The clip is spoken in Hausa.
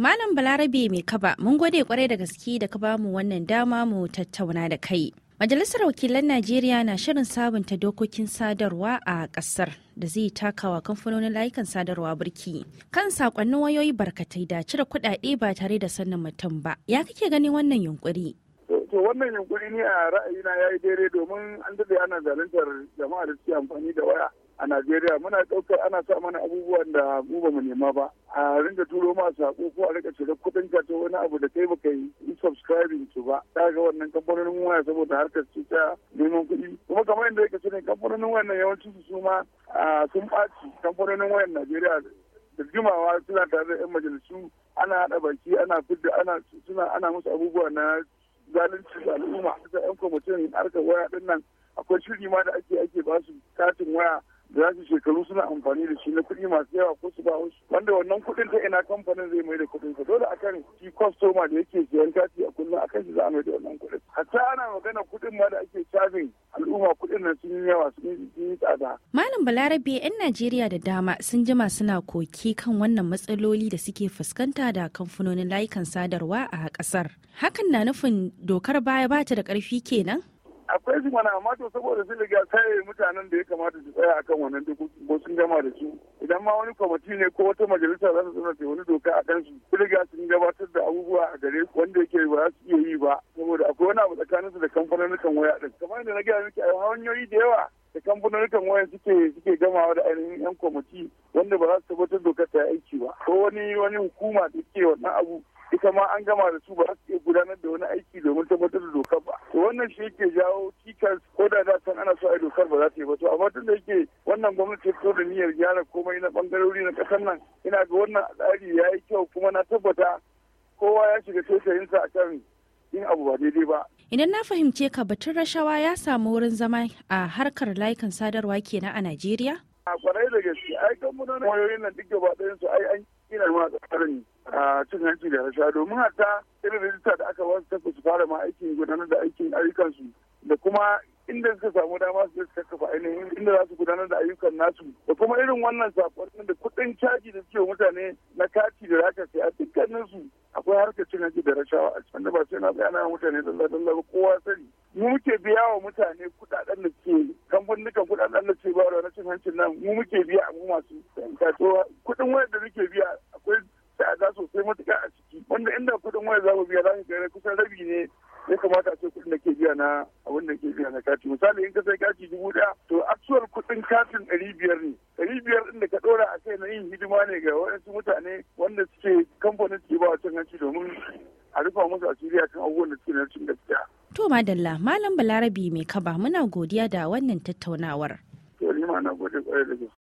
Malam Balarabe mai kaba mun gode kwarai da gaske da ka bamu wannan dama mu tattauna da kai. Majalisar Wakilan Najeriya na shirin sabunta dokokin sadarwa a ƙasar da zai takawa kamfanonin layukan sadarwa birki kan saƙonnin wayoyi barkatai da cire kuɗaɗe ba tare da sannan mutum ba. Ya kake gani wannan yunkuri? To wannan yunkuri ne a ra'ayina ya yi daidai domin an daɗe ana zaluntar jama'a da suke amfani da waya. a Najeriya muna ɗaukar ana sa mana abubuwan da mu ba mu nema ba a ringa turo ma sako ko a rika cire kuɗin ka ta wani abu da kai baka yi subscribing su ba ta ga wannan kamfanonin waya saboda harkar su ta neman kuɗi kuma kamar yadda yake sani kamfanonin wayan yawancin su ma sun ɓaci kamfanonin wayan Najeriya da jimawa suna tare da 'yan majalisu ana haɗa baki ana fidda ana suna ana musu abubuwa na zalunci ga al'umma. 'Yan kwamitin harkar waya ɗin nan akwai shirin ma da ake ake ba su katin waya da ya shekaru suna amfani da shi na kuɗi masu yawa ko su ba wasu wanda wannan kuɗin ta ina kamfanin zai mai da kuɗin sa dole akan shi kwastoma da yake siyan kati a kullum akan shi za a mai da wannan kuɗin hatta ana magana kuɗin ma da ake cajin al'umma kuɗin nan sun yi yawa sun yi tsada. Malam Balarabe 'yan Najeriya da dama sun jima suna koki kan wannan matsaloli da suke fuskanta da kamfanonin layukan sadarwa a kasar. Hakan na nufin dokar baya bata da ƙarfi kenan? akwai su mana amma to saboda sun riga sai mutanen da ya kamata su tsaya akan wannan dokokin ko sun gama da su idan ma wani kwamiti ne ko wata majalisa za su zama wani doka a kansu su riga sun gabatar da abubuwa a gare su wanda yake ba su iya yi ba saboda akwai wani abu tsakaninsu da kamfanonin kan waya din kamar yadda na gaya miki a hanyoyi da yawa da kamfanonukan wayan suke suke gamawa da ainihin yan kwamiti wanda ba za su tabbatar dokar ta aiki ba ko wani wani hukuma da ke wannan abu ita ma an gama da su ba za su iya gudanar da wani aiki domin tabbatar da doka wannan shi yake jawo cikas ko da da san ana so a dokar ba za ta yi ba to amma tun da yake wannan gwamnati ta da niyyar gyara komai na bangarori na kasar nan ina ga wannan tsari ya yi kyau kuma na tabbata kowa ya shiga tausayinsa a kan yin abu ba daidai ba. Idan na fahimce ka batun rashawa ya samu wurin zama a harkar layukan sadarwa kenan a Najeriya? A kwarai da gaske, ai kan munanan wayoyin nan duk gaba ɗayan su ai an kina ma a tsakanin. A cin hanci da rasha domin hatta irin rijista da aka wasu tafi su fara ma aikin gudanar da aikin ayyukansu da kuma inda suka samu dama su suka kafa ainihin inda za su gudanar da ayyukan nasu da kuma irin wannan sakonin da kuɗin caji da suke mutane na kati da zaka sai a dukkanin su akwai harkar cin hanci da rashawa a cikin ba sai na bayana mutane dalla dalla ba kowa sani mu muke biya wa mutane kuɗaɗen da ke kamfanin kuɗaɗen da ke bayarwa na cin hancin nan mu muke biya a mu masu kuɗin wayar da muke biya za mu biya za mu ga kusan rabi ne ya kamata a ce kuɗin da ke biya na abin da ke biya na kati misali in ka sai kati dubu ɗaya to actual kuɗin katin ɗari biyar ne ɗari biyar ɗin da ka ɗora a kai na yin hidima ne ga waɗansu mutane wanda suke kamfanin suke ba wa hanci domin a rufa musu asiri a kan abubuwan da suke na cin gaskiya. To Madalla, Malam Balarabi mai kaba muna godiya da wannan tattaunawar. To ni ma na gode kwarai da gaske.